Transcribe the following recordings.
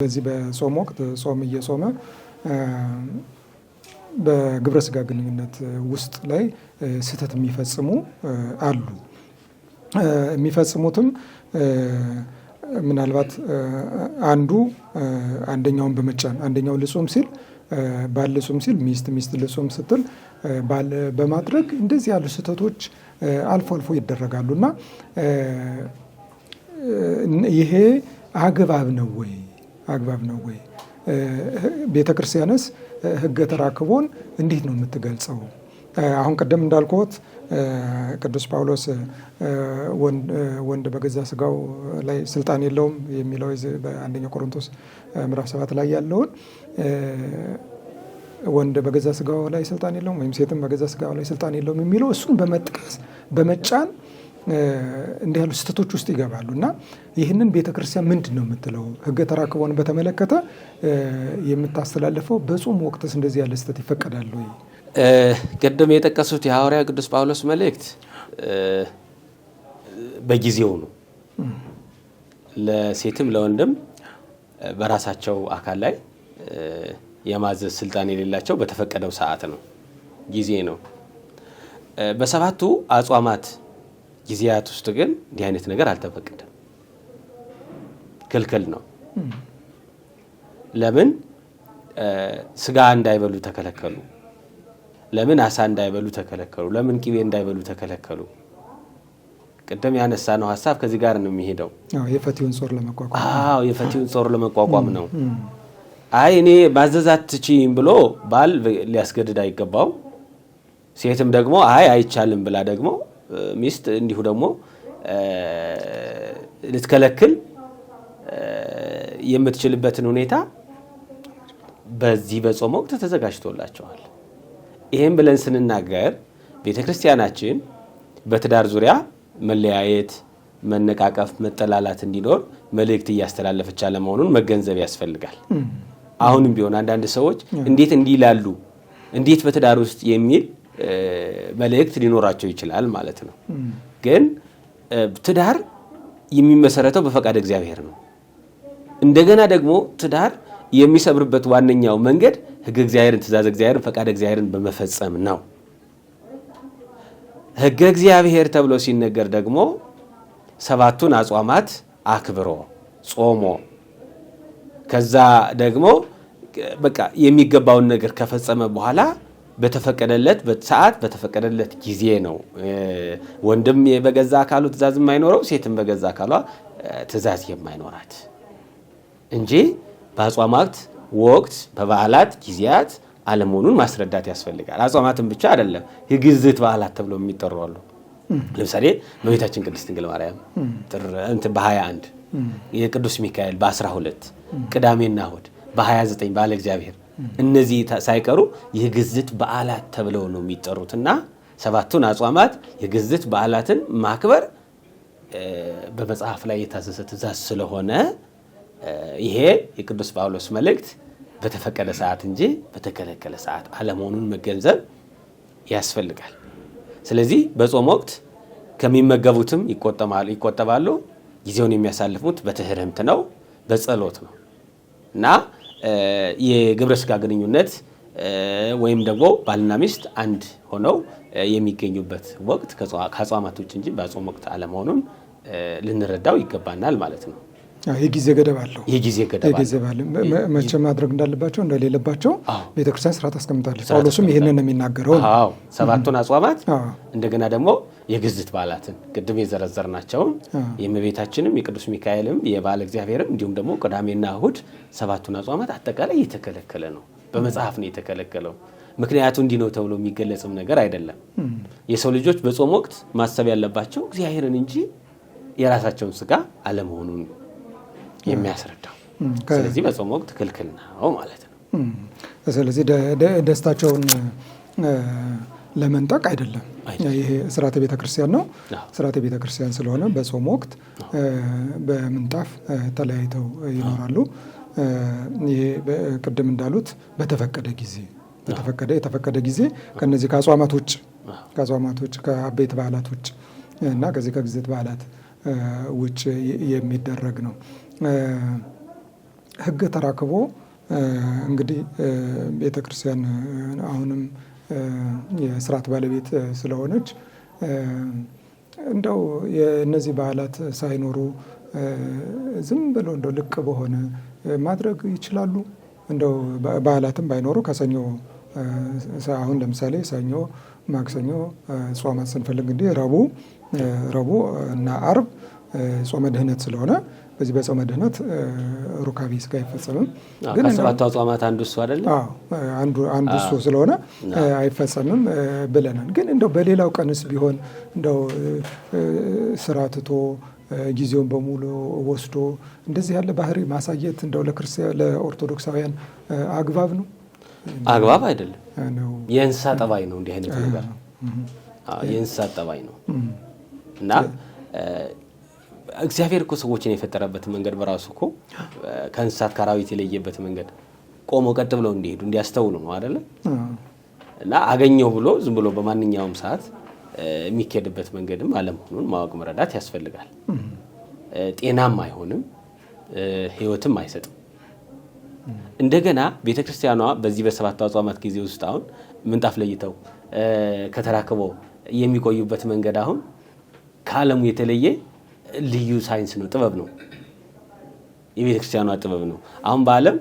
በዚህ በጾም ወቅት ጾም እየጾመ በግብረ ስጋ ግንኙነት ውስጥ ላይ ስህተት የሚፈጽሙ አሉ። የሚፈጽሙትም ምናልባት አንዱ አንደኛውን በመጫን አንደኛው ልጹም ሲል ባል ልጹም ሲል ሚስት ሚስት ልጹም ስትል ባል በማድረግ እንደዚህ ያሉ ስህተቶች አልፎ አልፎ ይደረጋሉ እና ይሄ አግባብ ነው ወይ? አግባብ ነው ወይ? ቤተ ክርስቲያንስ ህገ ተራክቦን እንዴት ነው የምትገልጸው? አሁን ቀደም እንዳልኩት ቅዱስ ጳውሎስ ወንድ በገዛ ስጋው ላይ ስልጣን የለውም የሚለው በአንደኛው ቆሮንቶስ ምዕራፍ ሰባት ላይ ያለውን ወንድ በገዛ ስጋው ላይ ስልጣን የለውም ወይም ሴትም በገዛ ስጋው ላይ ስልጣን የለውም የሚለው እሱን በመጥቀስ በመጫን እንዲህ ያሉ ስህተቶች ውስጥ ይገባሉ እና ይህንን ቤተክርስቲያን ምንድን ነው የምትለው? ህገ ተራክቦን በተመለከተ የምታስተላልፈው በጾም ወቅትስ እንደዚህ ያለ ስህተት ይፈቀዳሉ ወይ? ቅድም የጠቀሱት የሐዋርያ ቅዱስ ጳውሎስ መልእክት በጊዜው ነው ለሴትም ለወንድም በራሳቸው አካል ላይ የማዘዝ ስልጣን የሌላቸው በተፈቀደው ሰዓት ነው ጊዜ ነው። በሰባቱ አጽዋማት ጊዜያት ውስጥ ግን እንዲህ አይነት ነገር አልተፈቀደም፣ ክልክል ነው። ለምን ስጋ እንዳይበሉ ተከለከሉ? ለምን አሳ እንዳይበሉ ተከለከሉ? ለምን ቂቤ እንዳይበሉ ተከለከሉ? ቅድም ያነሳ ነው ሀሳብ ከዚህ ጋር ነው የሚሄደው። የፈቲውን ጾር ለመቋቋም የፈቲውን ጾር ለመቋቋም ነው። አይ እኔ ማዘዝ አትችይም ብሎ ባል ሊያስገድድ አይገባው። ሴትም ደግሞ አይ አይቻልም ብላ ደግሞ ሚስት እንዲሁ ደግሞ ልትከለክል የምትችልበትን ሁኔታ በዚህ በጾም ወቅት ተዘጋጅቶላቸዋል። ይህም ብለን ስንናገር ቤተ ክርስቲያናችን በትዳር ዙሪያ መለያየት፣ መነቃቀፍ፣ መጠላላት እንዲኖር መልእክት እያስተላለፈች አለመሆኑን መገንዘብ ያስፈልጋል። አሁንም ቢሆን አንዳንድ ሰዎች እንዴት እንዲህ ይላሉ እንዴት በትዳር ውስጥ የሚል መልእክት ሊኖራቸው ይችላል ማለት ነው። ግን ትዳር የሚመሰረተው በፈቃድ እግዚአብሔር ነው። እንደገና ደግሞ ትዳር የሚሰብርበት ዋነኛው መንገድ ሕግ እግዚአብሔርን፣ ትእዛዝ እግዚአብሔርን፣ ፈቃድ እግዚአብሔርን በመፈጸም ነው። ህገ እግዚአብሔር ተብሎ ሲነገር ደግሞ ሰባቱን አጽዋማት አክብሮ ጾሞ ከዛ ደግሞ በቃ የሚገባውን ነገር ከፈጸመ በኋላ በተፈቀደለት ሰዓት በተፈቀደለት ጊዜ ነው። ወንድም በገዛ አካሉ ትእዛዝ የማይኖረው ሴትም በገዛ አካሏ ትእዛዝ የማይኖራት እንጂ በአጽዋማት ወቅት በበዓላት ጊዜያት አለመሆኑን ማስረዳት ያስፈልጋል። አጽዋማትን ብቻ አይደለም የግዝት በዓላት ተብሎ የሚጠሩ አሉ። ለምሳሌ በቤታችን ቅድስት ድንግል ማርያም በ21 የቅዱስ ሚካኤል በ12 ቅዳሜና እሑድ በ29 በዓለ እግዚአብሔር እነዚህ ሳይቀሩ የግዝት በዓላት ተብለው ነው የሚጠሩትና ሰባቱን አጽዋማት የግዝት በዓላትን ማክበር በመጽሐፍ ላይ የታዘዘ ትእዛዝ ስለሆነ ይሄ የቅዱስ ጳውሎስ መልእክት በተፈቀደ ሰዓት እንጂ በተከለከለ ሰዓት አለመሆኑን መገንዘብ ያስፈልጋል። ስለዚህ በጾም ወቅት ከሚመገቡትም ይቆጠባሉ። ጊዜውን የሚያሳልፉት በትህርምት ነው፣ በጸሎት ነው እና የግብረ ስጋ ግንኙነት ወይም ደግሞ ባልና ሚስት አንድ ሆነው የሚገኙበት ወቅት ከአጽዋማት ውጭ እንጂ በአጾም ወቅት አለመሆኑን ልንረዳው ይገባናል ማለት ነው። የጊዜ ገደብ አለው። የጊዜ ገደብ አለ። መቼ ማድረግ እንዳለባቸው እንደሌለባቸው ቤተክርስቲያን ስርዓት አስቀምጣለች። ጳውሎስም ይህንን ነው የሚናገረው። ሰባቱን አጽዋማት እንደገና ደግሞ የግዝት በዓላትን ቅድም የዘረዘርናቸውም የእመቤታችንም የቅዱስ ሚካኤልም የበዓለ እግዚአብሔርም እንዲሁም ደግሞ ቅዳሜና እሁድ ሰባቱን አጽዋማት አጠቃላይ የተከለከለ ነው። በመጽሐፍ ነው የተከለከለው። ምክንያቱ እንዲህ ነው ተብሎ የሚገለጽም ነገር አይደለም። የሰው ልጆች በጾም ወቅት ማሰብ ያለባቸው እግዚአብሔርን እንጂ የራሳቸውን ስጋ አለመሆኑን የሚያስረዳው። ስለዚህ በጾም ወቅት ክልክል ነው ማለት ነው። ስለዚህ ደስታቸውን ለመንጠቅ አይደለም። ይሄ ስርዓተ ቤተ ክርስቲያን ነው። ስርዓተ ቤተ ክርስቲያን ስለሆነ በጾም ወቅት በምንጣፍ ተለያይተው ይኖራሉ። ይሄ ቅድም እንዳሉት በተፈቀደ ጊዜ በተፈቀደ የተፈቀደ ጊዜ ከነዚህ ከአጽዋማት ውጭ ከአጽዋማት ውጭ ከአበይት በዓላት ውጭ እና ከዚህ ከግዝት በዓላት ውጭ የሚደረግ ነው። ህግ ተራክቦ እንግዲህ ቤተ ክርስቲያን አሁንም የስርዓት ባለቤት ስለሆነች እንደው የእነዚህ በዓላት ሳይኖሩ ዝም ብሎ እንደው ልቅ በሆነ ማድረግ ይችላሉ። እንደው በዓላትም ባይኖሩ ከሰኞ አሁን ለምሳሌ ሰኞ ማክሰኞ ጾማት ስንፈልግ እንግዲህ ረቡዕ ረቡዕ እና አርብ ጾመ ድህነት ስለሆነ በዚህ በጾመ ድህነት ሩካቤ ስጋ አይፈጸምም። ግን ሰባቱ አጽዋማት አንዱ እሱ አይደለም አንዱ እሱ ስለሆነ አይፈጸምም ብለናል። ግን እንደው በሌላው ቀንስ ቢሆን እንደው ስራ ትቶ ጊዜውን በሙሉ ወስዶ እንደዚህ ያለ ባህሪ ማሳየት እንደው ለኦርቶዶክሳውያን አግባብ ነው? አግባብ አይደለም። የእንስሳ ጠባይ ነው። እንዲህ አይነት ነገር የእንስሳ ጠባይ ነው እና እግዚአብሔር እኮ ሰዎችን የፈጠረበት መንገድ በራሱ እኮ ከእንስሳት ከአራዊት የለየበት መንገድ ቆመው ቀጥ ብለው እንዲሄዱ እንዲያስተውሉ ነው አደለ? እና አገኘው ብሎ ዝም ብሎ በማንኛውም ሰዓት የሚካሄድበት መንገድም አለመሆኑን ማወቅ መረዳት ያስፈልጋል። ጤናም አይሆንም፣ ህይወትም አይሰጥም። እንደገና ቤተክርስቲያኗ በዚህ በሰባት አጽዋማት ጊዜ ውስጥ አሁን ምንጣፍ ለይተው ከተራክበው የሚቆዩበት መንገድ አሁን ከዓለሙ የተለየ ልዩ ሳይንስ ነው፣ ጥበብ ነው፣ የቤተ ክርስቲያኗ ጥበብ ነው። አሁን በዓለም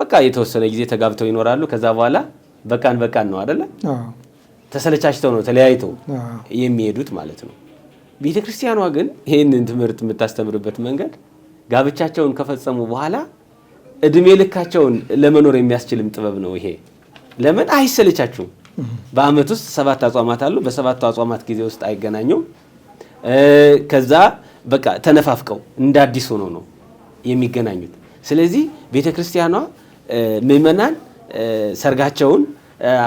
በቃ የተወሰነ ጊዜ ተጋብተው ይኖራሉ። ከዛ በኋላ በቃን በቃን ነው አደለ? ተሰለቻችተው ነው ተለያይተው የሚሄዱት ማለት ነው። ቤተ ክርስቲያኗ ግን ይህንን ትምህርት የምታስተምርበት መንገድ ጋብቻቸውን ከፈጸሙ በኋላ እድሜ ልካቸውን ለመኖር የሚያስችልም ጥበብ ነው ይሄ። ለምን አይሰለቻችሁም? በዓመት ውስጥ ሰባት አጽዋማት አሉ። በሰባቱ አጽዋማት ጊዜ ውስጥ አይገናኙም። ከዛ በቃ ተነፋፍቀው እንደ አዲስ ሆኖ ነው የሚገናኙት። ስለዚህ ቤተ ክርስቲያኗ ምእመናን ሰርጋቸውን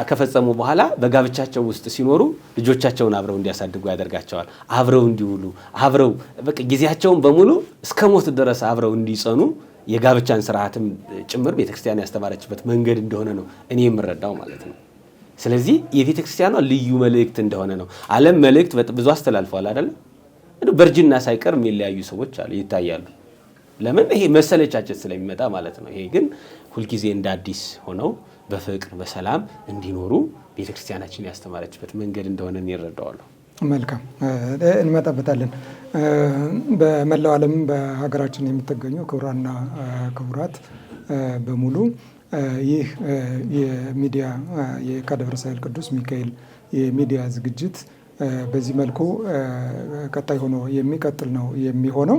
ከፈጸሙ በኋላ በጋብቻቸው ውስጥ ሲኖሩ ልጆቻቸውን አብረው እንዲያሳድጉ ያደርጋቸዋል። አብረው እንዲውሉ አብረው በቃ ጊዜያቸውን በሙሉ እስከ ሞት ድረስ አብረው እንዲጸኑ የጋብቻን ስርዓትም ጭምር ቤተክርስቲያን ያስተማረችበት መንገድ እንደሆነ ነው እኔ የምረዳው ማለት ነው። ስለዚህ የቤተ ክርስቲያኗ ልዩ መልእክት እንደሆነ ነው። ዓለም መልእክት ብዙ አስተላልፈዋል አይደለም። በእርጅና ሳይቀር የሚለያዩ ሰዎች አሉ ይታያሉ። ለምን ይሄ መሰለቻችን ስለሚመጣ ማለት ነው። ይሄ ግን ሁልጊዜ እንደ አዲስ ሆነው በፍቅር በሰላም እንዲኖሩ ቤተ ክርስቲያናችን ያስተማረችበት መንገድ እንደሆነ ይረዳዋሉ። መልካም እንመጣበታለን። በመላው ዓለም በሀገራችን የምትገኙ ክቡራና ክቡራት በሙሉ ይህ የሚዲያ ሳይል ቅዱስ ሚካኤል የሚዲያ ዝግጅት በዚህ መልኩ ቀጣይ ሆኖ የሚቀጥል ነው የሚሆነው።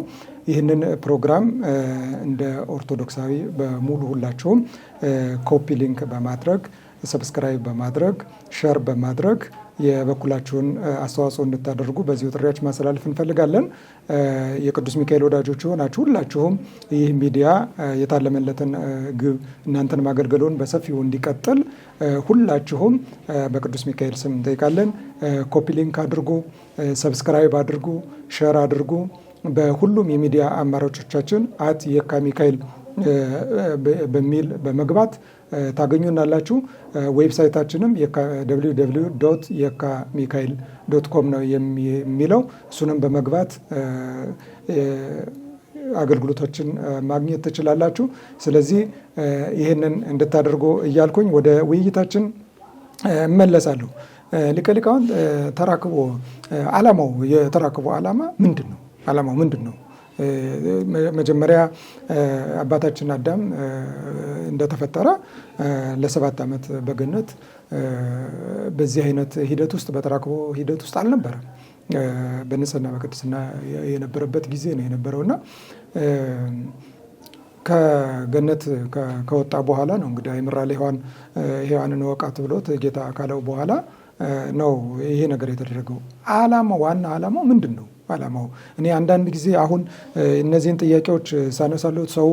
ይህንን ፕሮግራም እንደ ኦርቶዶክሳዊ በሙሉ ሁላቸውም ኮፒ ሊንክ በማድረግ ሰብስክራይብ በማድረግ ሸር በማድረግ የበኩላችሁን አስተዋጽኦ እንድታደርጉ በዚሁ ጥሪያችን ማስተላለፍ እንፈልጋለን። የቅዱስ ሚካኤል ወዳጆች የሆናችሁ ሁላችሁም ይህ ሚዲያ የታለመለትን ግብ እናንተን ማገልገሉን በሰፊው እንዲቀጥል ሁላችሁም በቅዱስ ሚካኤል ስም እንጠይቃለን። ኮፒ ሊንክ አድርጉ፣ ሰብስክራይብ አድርጉ፣ ሸር አድርጉ። በሁሉም የሚዲያ አማራጮቻችን አት የካ ሚካኤል በሚል በመግባት ታገኙናላችሁ። ዌብሳይታችንም ደብሊው ዶት የካ ሚካኤል ዶት ኮም ነው የሚለው እሱንም በመግባት አገልግሎቶችን ማግኘት ትችላላችሁ። ስለዚህ ይህንን እንድታደርጉ እያልኩኝ ወደ ውይይታችን እመለሳለሁ። ሊቀ ሊቃውንት ተራክቦ አላማው የተራክቦ አላማ ምንድን ነው? አላማው ምንድን ነው? መጀመሪያ አባታችን አዳም እንደተፈጠረ ለሰባት ዓመት በገነት በዚህ አይነት ሂደት ውስጥ በተራክቦ ሂደት ውስጥ አልነበረም። በንጽህና በቅድስና የነበረበት ጊዜ ነው የነበረው እና ከገነት ከወጣ በኋላ ነው እንግዲህ አይምራል ሔዋን ሔዋንን ወቃት ብሎት ጌታ ካለው በኋላ ነው ይሄ ነገር የተደረገው። ዓላማው ዋና አላማው ምንድን ነው? ዓላማው። እኔ አንዳንድ ጊዜ አሁን እነዚህን ጥያቄዎች ሳነሳለሁ ሰው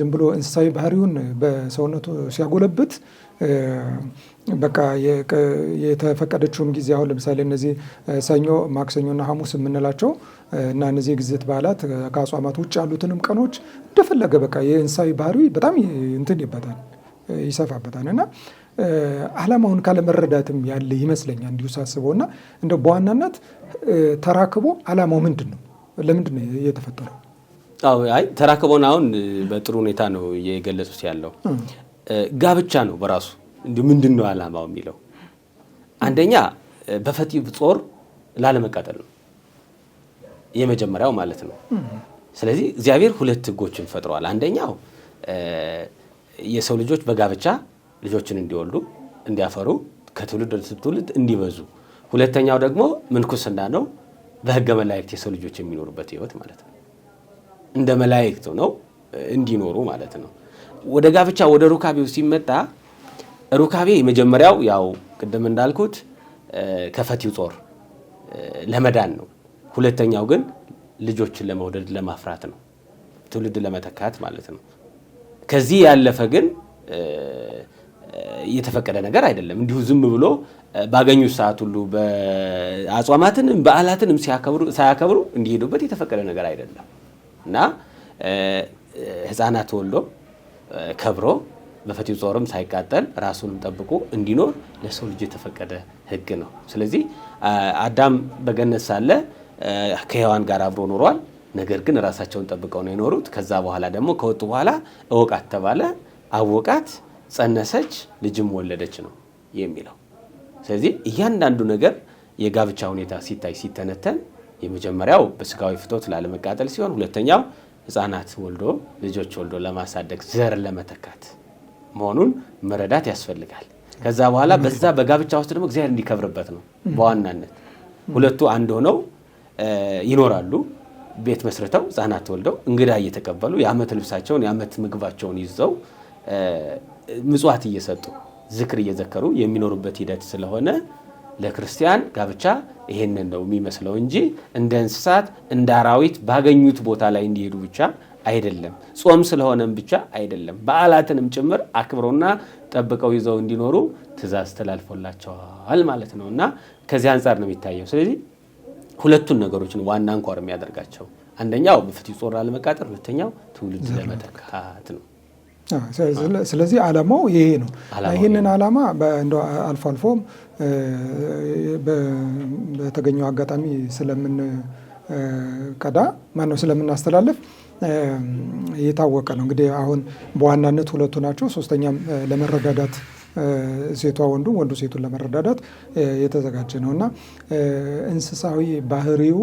ዝም ብሎ እንስሳዊ ባህሪውን በሰውነቱ ሲያጎለብት በቃ የተፈቀደችውም ጊዜ አሁን ለምሳሌ እነዚህ ሰኞ፣ ማክሰኞና ሐሙስ የምንላቸው እና እነዚህ የግዝት በዓላት ከአጽዋማት ውጭ ያሉትንም ቀኖች እንደፈለገ በቃ የእንስሳዊ ባህሪ በጣም እንትን ይበታል ይሰፋበታል እና ዓላማውን ካለመረዳትም ያለ ይመስለኛል እንዲሁ ሳስበው እና እንደ በዋናነት ተራክቦ ዓላማው ምንድን ነው? ለምንድን ነው የተፈጠረው? አይ ተራክቦን አሁን በጥሩ ሁኔታ ነው የገለጹት ያለው ጋብቻ ነው በራሱ እንዲ ምንድን ነው ዓላማው የሚለው አንደኛ በፈቲው ጾር ላለመቃጠል ነው የመጀመሪያው ማለት ነው። ስለዚህ እግዚአብሔር ሁለት ህጎችን ፈጥረዋል። አንደኛው የሰው ልጆች በጋብቻ ልጆችን እንዲወልዱ እንዲያፈሩ ከትውልድ ወደ ትውልድ እንዲበዙ፣ ሁለተኛው ደግሞ ምንኩስና ነው። በህገ መላእክት የሰው ልጆች የሚኖሩበት ህይወት ማለት ነው። እንደ መላእክት ነው እንዲኖሩ ማለት ነው። ወደ ጋብቻ ወደ ሩካቤው ሲመጣ ሩካቤ የመጀመሪያው ያው ቅድም እንዳልኩት ከፈቲው ጦር ለመዳን ነው። ሁለተኛው ግን ልጆችን ለመውደድ ለማፍራት ነው፣ ትውልድ ለመተካት ማለት ነው። ከዚህ ያለፈ ግን የተፈቀደ ነገር አይደለም። እንዲሁ ዝም ብሎ ባገኙት ሰዓት ሁሉ አጽዋማትንም በዓላትንም ሳያከብሩ እንዲሄዱበት የተፈቀደ ነገር አይደለም እና ሕፃናት ወልዶ ከብሮ በፈቲው ጾርም ሳይቃጠል ራሱንም ጠብቆ እንዲኖር ለሰው ልጅ የተፈቀደ ሕግ ነው። ስለዚህ አዳም በገነት ሳለ ከሔዋን ጋር አብሮ ኖሯል። ነገር ግን ራሳቸውን ጠብቀው ነው የኖሩት። ከዛ በኋላ ደግሞ ከወጡ በኋላ እወቃት ተባለ፣ አወቃት ጸነሰች ልጅም ወለደች ነው የሚለው። ስለዚህ እያንዳንዱ ነገር የጋብቻ ሁኔታ ሲታይ ሲተነተን የመጀመሪያው በስጋዊ ፍቶት ላለመቃጠል ሲሆን፣ ሁለተኛው ህፃናት ወልዶ ልጆች ወልዶ ለማሳደግ ዘር ለመተካት መሆኑን መረዳት ያስፈልጋል። ከዛ በኋላ በዛ በጋብቻ ውስጥ ደግሞ እግዚአብሔር እንዲከብርበት ነው በዋናነት ሁለቱ አንድ ሆነው ይኖራሉ። ቤት መስርተው ህጻናት ወልደው እንግዳ እየተቀበሉ የአመት ልብሳቸውን የአመት ምግባቸውን ይዘው ምጽዋት እየሰጡ ዝክር እየዘከሩ የሚኖሩበት ሂደት ስለሆነ ለክርስቲያን ጋብቻ ይሄንን ነው የሚመስለው እንጂ እንደ እንስሳት እንደ አራዊት ባገኙት ቦታ ላይ እንዲሄዱ ብቻ አይደለም። ጾም ስለሆነም ብቻ አይደለም። በዓላትንም ጭምር አክብረውና ጠብቀው ይዘው እንዲኖሩ ትእዛዝ ተላልፎላቸዋል ማለት ነው እና ከዚህ አንጻር ነው የሚታየው። ስለዚህ ሁለቱን ነገሮችን ዋና አንኳር የሚያደርጋቸው አንደኛው በፍትሕ ጾር ላለመቃጠር፣ ሁለተኛው ትውልድ ለመተካት ነው። ስለዚህ አላማው ይሄ ነው። ይህንን አላማ እንደ አልፎ አልፎም በተገኘው አጋጣሚ ስለምን ቀዳ ስለምናስተላልፍ የታወቀ ነው። እንግዲህ አሁን በዋናነት ሁለቱ ናቸው። ሶስተኛም ለመረዳዳት ሴቷ ወንዱም ወንዱ ሴቱን ለመረዳዳት የተዘጋጀ ነው እና እንስሳዊ ባህሪው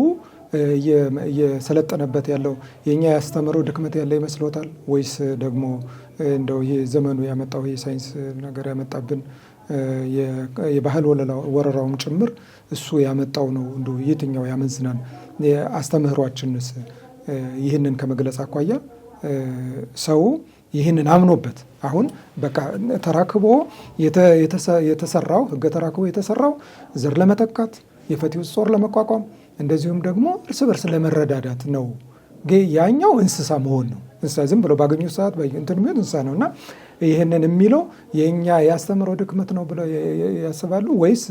እየሰለጠነበት ያለው የእኛ ያስተምረው ድክመት ያለ ይመስሎታል ወይስ ደግሞ እንደው ይህ ዘመኑ ያመጣው የሳይንስ ነገር ያመጣብን የባህል ወረራውም ጭምር እሱ ያመጣው ነው? እንደ የትኛው ያመዝናል? አስተምህሯችንስ ይህንን ከመግለጽ አኳያ ሰው ይህንን አምኖበት አሁን በቃ ተራክቦ የተሰራው ህገ ተራክቦ የተሰራው ዘር ለመተካት የፈቲው ጾር ለመቋቋም እንደዚሁም ደግሞ እርስ በርስ ለመረዳዳት ነው። ያኛው እንስሳ መሆን ነው። እንስሳ ዝም ብሎ ባገኙ ሰዓት እንትን የሚሆን እንስሳ ነው እና ይህንን የሚለው የእኛ ያስተምሮ ድክመት ነው ብለው ያስባሉ ወይስ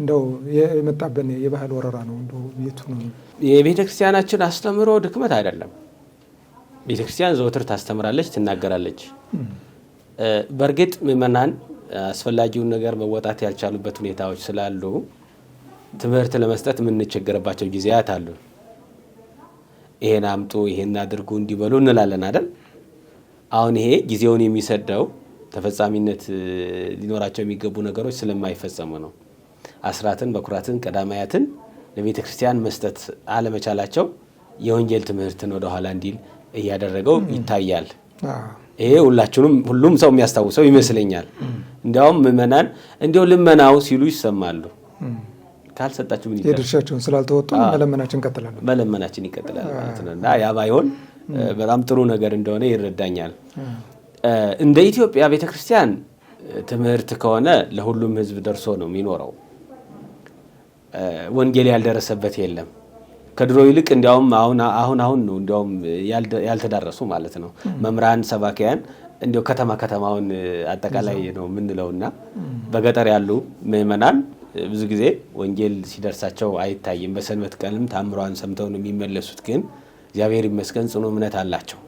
እንደው የመጣብን የባህል ወረራ ነው? የቱ ነው? የቤተ ክርስቲያናችን አስተምሮ ድክመት አይደለም። ቤተ ክርስቲያን ዘወትር ታስተምራለች፣ ትናገራለች። በእርግጥ ምእመናን አስፈላጊውን ነገር መወጣት ያልቻሉበት ሁኔታዎች ስላሉ ትምህርት ለመስጠት የምንቸገርባቸው ጊዜያት አሉ። ይሄን አምጡ፣ ይሄን አድርጉ እንዲበሉ እንላለን አይደል? አሁን ይሄ ጊዜውን የሚሰደው ተፈጻሚነት ሊኖራቸው የሚገቡ ነገሮች ስለማይፈጸሙ ነው። አስራትን፣ በኩራትን፣ ቀዳማያትን ለቤተ ክርስቲያን መስጠት አለመቻላቸው የወንጌል ትምህርትን ወደኋላ እንዲል እያደረገው ይታያል። ይሄ ሁላችንም ሁሉም ሰው የሚያስታውሰው ይመስለኛል። እንዲያውም ምእመናን እንዲያው ልመናው ሲሉ ይሰማሉ። ካልሰጣችሁ ምን ይባላል? የድርሻቸውን ስላልተወጡ መለመናችን ይቀጥላል መለመናችን ይቀጥላል ማለት ነው እና ያ ባይሆን በጣም ጥሩ ነገር እንደሆነ ይረዳኛል። እንደ ኢትዮጵያ ቤተ ክርስቲያን ትምህርት ከሆነ ለሁሉም ህዝብ ደርሶ ነው የሚኖረው። ወንጌል ያልደረሰበት የለም። ከድሮ ይልቅ እንዲያውም አሁን አሁን ነው እንዲያውም ያልተዳረሱ ማለት ነው መምራን ሰባኪያን እንዲያው ከተማ ከተማውን አጠቃላይ ነው የምንለውና በገጠር ያሉ ምእመናን። ብዙ ጊዜ ወንጌል ሲደርሳቸው አይታይም። በሰንበት ቀንም ታምሯን ሰምተው ነው የሚመለሱት። ግን እግዚአብሔር ይመስገን ጽኑ እምነት አላቸው።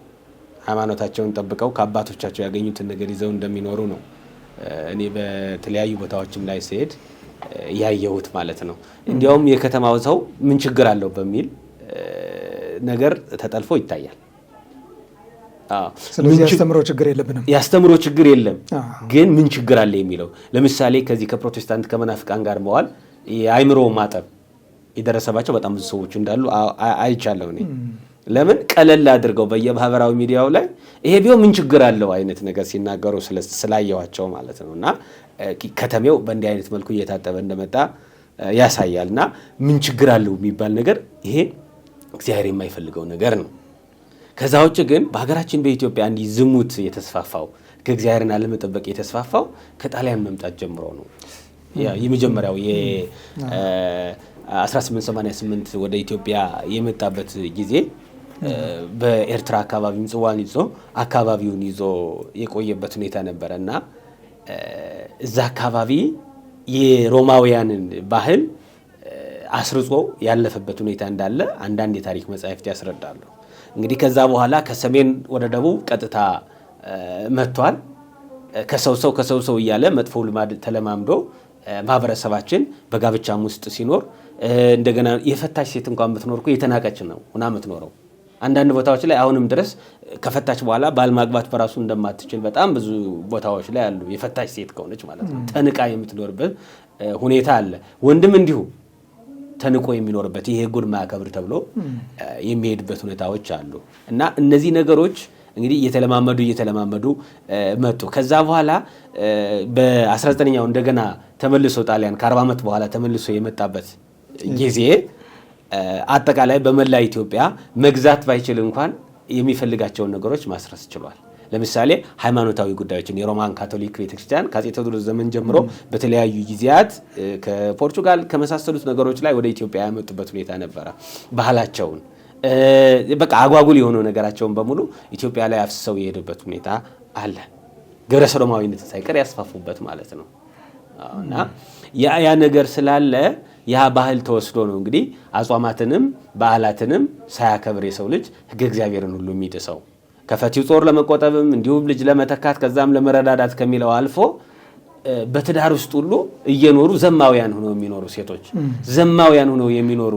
ሃይማኖታቸውን ጠብቀው ከአባቶቻቸው ያገኙትን ነገር ይዘው እንደሚኖሩ ነው እኔ በተለያዩ ቦታዎችም ላይ ስሄድ ያየሁት ማለት ነው። እንዲያውም የከተማው ሰው ምን ችግር አለው በሚል ነገር ተጠልፎ ይታያል። ስለዚህ ያስተምሮ ችግር የለብንም፣ ያስተምሮ ችግር የለም። ግን ምን ችግር አለ የሚለው ለምሳሌ ከዚህ ከፕሮቴስታንት ከመናፍቃን ጋር መዋል የአይምሮ ማጠብ የደረሰባቸው በጣም ብዙ ሰዎች እንዳሉ አይቻለሁ እኔ ለምን ቀለል አድርገው በየማህበራዊ ሚዲያው ላይ ይሄ ቢሆን ምን ችግር አለው አይነት ነገር ሲናገሩ ስላየዋቸው ማለት ነው። እና ከተሜው በእንዲህ አይነት መልኩ እየታጠበ እንደመጣ ያሳያል። እና ምን ችግር አለው የሚባል ነገር ይሄ እግዚአብሔር የማይፈልገው ነገር ነው። ከዛ ውጭ ግን በሀገራችን በኢትዮጵያ እንዲህ ዝሙት የተስፋፋው ከእግዚአብሔርን አለመጠበቅ የተስፋፋው ከጣሊያን መምጣት ጀምሮ ነው። የመጀመሪያው የ1888 ወደ ኢትዮጵያ የመጣበት ጊዜ በኤርትራ አካባቢ ምጽዋን ይዞ አካባቢውን ይዞ የቆየበት ሁኔታ ነበረ እና እዛ አካባቢ የሮማውያንን ባህል አስርጾ ያለፈበት ሁኔታ እንዳለ አንዳንድ የታሪክ መጻሕፍት ያስረዳሉ። እንግዲህ ከዛ በኋላ ከሰሜን ወደ ደቡብ ቀጥታ መጥቷል። ከሰው ሰው ከሰው ሰው እያለ መጥፎ ልማድ ተለማምዶ ማህበረሰባችን በጋብቻም ውስጥ ሲኖር እንደገና የፈታች ሴት እንኳን ብትኖር እኮ የተናቀች ነው ሁና የምትኖረው። አንዳንድ ቦታዎች ላይ አሁንም ድረስ ከፈታች በኋላ ባል ማግባት በራሱ እንደማትችል በጣም ብዙ ቦታዎች ላይ አሉ። የፈታች ሴት ከሆነች ማለት ነው ተንቃ የምትኖርበት ሁኔታ አለ። ወንድም እንዲሁ ተንቆ የሚኖርበት ይሄ ሕጉን ማያከብር ተብሎ የሚሄድበት ሁኔታዎች አሉ እና እነዚህ ነገሮች እንግዲህ እየተለማመዱ እየተለማመዱ መጡ። ከዛ በኋላ በ19ኛው እንደገና ተመልሶ ጣሊያን ከ40 ዓመት በኋላ ተመልሶ የመጣበት ጊዜ አጠቃላይ በመላ ኢትዮጵያ መግዛት ባይችል እንኳን የሚፈልጋቸውን ነገሮች ማስረስ ችሏል። ለምሳሌ ሃይማኖታዊ ጉዳዮችን የሮማን ካቶሊክ ቤተክርስቲያን ከአፄ ቴዎድሮስ ዘመን ጀምሮ በተለያዩ ጊዜያት ከፖርቹጋል ከመሳሰሉት ነገሮች ላይ ወደ ኢትዮጵያ ያመጡበት ሁኔታ ነበረ። ባህላቸውን በቃ አጓጉል የሆነው ነገራቸውን በሙሉ ኢትዮጵያ ላይ አፍስሰው የሄዱበት ሁኔታ አለ። ግብረ ሰዶማዊነት ሳይቀር ያስፋፉበት ማለት ነው እና ያ ነገር ስላለ ያ ባህል ተወስዶ ነው እንግዲህ አጽዋማትንም በዓላትንም ሳያከብር የሰው ልጅ ሕገ እግዚአብሔርን ሁሉ የሚጥሰው። ከፈቲው ጾር ለመቆጠብም እንዲሁም ልጅ ለመተካት ከዛም ለመረዳዳት ከሚለው አልፎ በትዳር ውስጥ ሁሉ እየኖሩ ዘማውያን ሆነው የሚኖሩ ሴቶች ዘማውያን ሆነው የሚኖሩ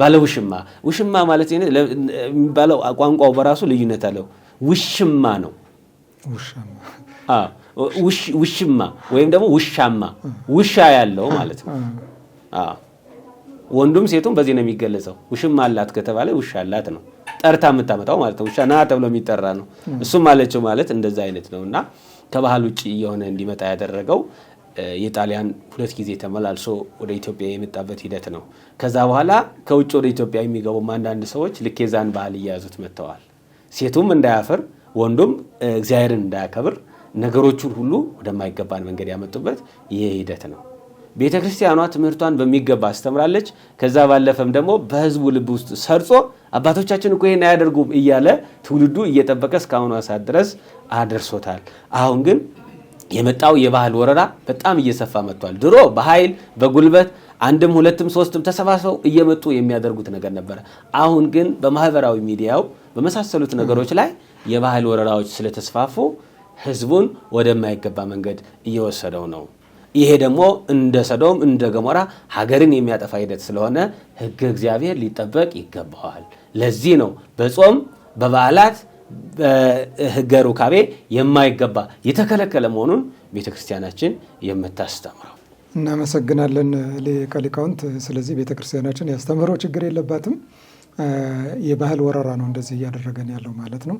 ባለ ውሽማ ውሽማ ማለት የሚባለው ቋንቋው በራሱ ልዩነት አለው። ውሽማ ነው። ውሽማ ወይም ደግሞ ውሻማ ውሻ ያለው ማለት ነው። ወንዱም ሴቱም በዚህ ነው የሚገለጸው። ውሽማ አላት ከተባለ ውሻ አላት ነው። ጠርታ የምታመጣው ማለት ነው። ውሻ ና ተብሎ የሚጠራ ነው። እሱም አለችው ማለት እንደዛ አይነት ነው እና ከባህል ውጭ እየሆነ እንዲመጣ ያደረገው የጣሊያን ሁለት ጊዜ ተመላልሶ ወደ ኢትዮጵያ የመጣበት ሂደት ነው። ከዛ በኋላ ከውጭ ወደ ኢትዮጵያ የሚገቡም አንዳንድ ሰዎች ልክ የዛን ባህል እየያዙት መጥተዋል። ሴቱም እንዳያፍር፣ ወንዱም እግዚአብሔርን እንዳያከብር ነገሮቹን ሁሉ ወደማይገባን መንገድ ያመጡበት ይህ ሂደት ነው። ቤተ ክርስቲያኗ ትምህርቷን በሚገባ አስተምራለች። ከዛ ባለፈም ደግሞ በህዝቡ ልብ ውስጥ ሰርጾ አባቶቻችን እኮ ይሄን አያደርጉም እያለ ትውልዱ እየጠበቀ እስካሁኗ ሰዓት ድረስ አድርሶታል አሁን ግን የመጣው የባህል ወረራ በጣም እየሰፋ መጥቷል። ድሮ በኃይል በጉልበት አንድም ሁለትም ሶስትም ተሰባስበው እየመጡ የሚያደርጉት ነገር ነበረ። አሁን ግን በማህበራዊ ሚዲያው በመሳሰሉት ነገሮች ላይ የባህል ወረራዎች ስለተስፋፉ ህዝቡን ወደማይገባ መንገድ እየወሰደው ነው። ይሄ ደግሞ እንደ ሰዶም እንደ ገሞራ ሀገርን የሚያጠፋ ሂደት ስለሆነ ሕገ እግዚአብሔር ሊጠበቅ ይገባዋል። ለዚህ ነው በጾም በበዓላት ሕገ ሩካቤ የማይገባ የተከለከለ መሆኑን ቤተ ክርስቲያናችን የምታስተምረው። እናመሰግናለን ሊቀ ሊቃውንት። ስለዚህ ቤተ ክርስቲያናችን ያስተምህረው ችግር የለባትም። የባህል ወረራ ነው እንደዚህ እያደረገን ያለው ማለት ነው።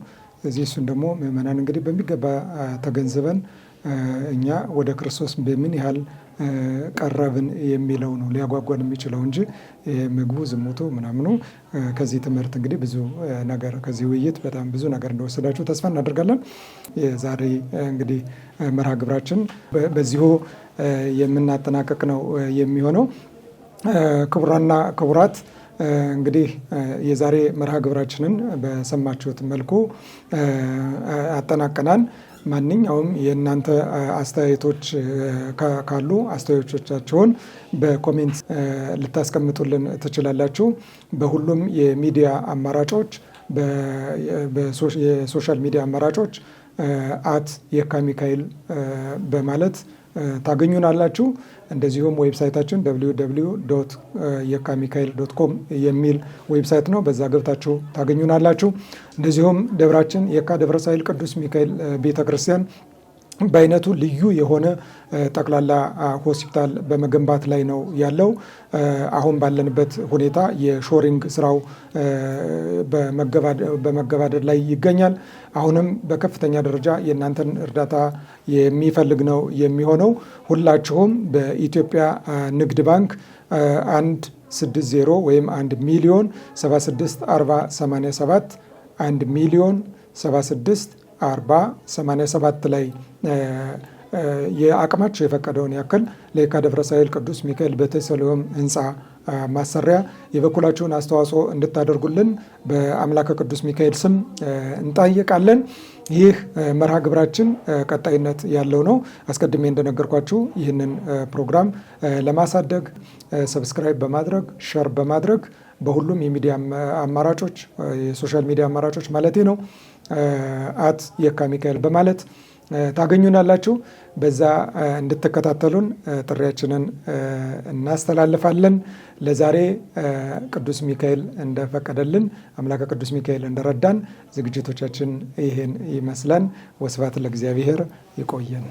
እዚህ እሱን ደግሞ ምእመናን እንግዲህ በሚገባ ተገንዝበን እኛ ወደ ክርስቶስ በምን ያህል ቀረብን የሚለው ነው ሊያጓጓን የሚችለው እንጂ ምግቡ፣ ዝሙቱ፣ ምናምኑ ከዚህ ትምህርት እንግዲህ ብዙ ነገር ከዚህ ውይይት በጣም ብዙ ነገር እንደወሰዳችሁ ተስፋ እናደርጋለን። የዛሬ እንግዲህ መርሃ ግብራችን በዚሁ የምናጠናቀቅ ነው የሚሆነው። ክቡራና ክቡራት እንግዲህ የዛሬ መርሃ ግብራችንን በሰማችሁት መልኩ አጠናቀናል። ማንኛውም የእናንተ አስተያየቶች ካሉ አስተያየቶቻቸውን በኮሜንት ልታስቀምጡልን ትችላላችሁ። በሁሉም የሚዲያ አማራጮች የሶሻል ሚዲያ አማራጮች አት የካ ሚካኤል በማለት ታገኙናላችሁ። እንደዚሁም ዌብሳይታችን www የካ ሚካኤል ዶት ኮም የሚል ዌብሳይት ነው። በዛ ገብታችሁ ታገኙናላችሁ። እንደዚሁም ደብራችን የካ ደብረ ሳይል ቅዱስ ሚካኤል ቤተ ክርስቲያን በአይነቱ ልዩ የሆነ ጠቅላላ ሆስፒታል በመገንባት ላይ ነው ያለው። አሁን ባለንበት ሁኔታ የሾሪንግ ስራው በመገባደድ ላይ ይገኛል። አሁንም በከፍተኛ ደረጃ የእናንተን እርዳታ የሚፈልግ ነው የሚሆነው። ሁላችሁም በኢትዮጵያ ንግድ ባንክ አንድ 60 ወይም 1 ሚሊዮን 76 40 87 1 ሚሊዮን 76 40 87 ላይ የአቅማቸው የፈቀደውን ያክል ለየካ ደብረ ሳህል ቅዱስ ሚካኤል ቤተሰሎም ህንፃ ማሰሪያ የበኩላችሁን አስተዋጽኦ እንድታደርጉልን በአምላከ ቅዱስ ሚካኤል ስም እንጠይቃለን። ይህ መርሃ ግብራችን ቀጣይነት ያለው ነው። አስቀድሜ እንደነገርኳችሁ ይህንን ፕሮግራም ለማሳደግ ሰብስክራይብ በማድረግ ሸር በማድረግ በሁሉም የሚዲያ አማራጮች የሶሻል ሚዲያ አማራጮች ማለቴ ነው አት የካ ሚካኤል በማለት ታገኙናላችሁ። በዛ እንድትከታተሉን ጥሪያችንን እናስተላልፋለን። ለዛሬ ቅዱስ ሚካኤል እንደፈቀደልን አምላከ ቅዱስ ሚካኤል እንደረዳን ዝግጅቶቻችን ይህን ይመስላል። ወስብሐት ለእግዚአብሔር። ይቆየን።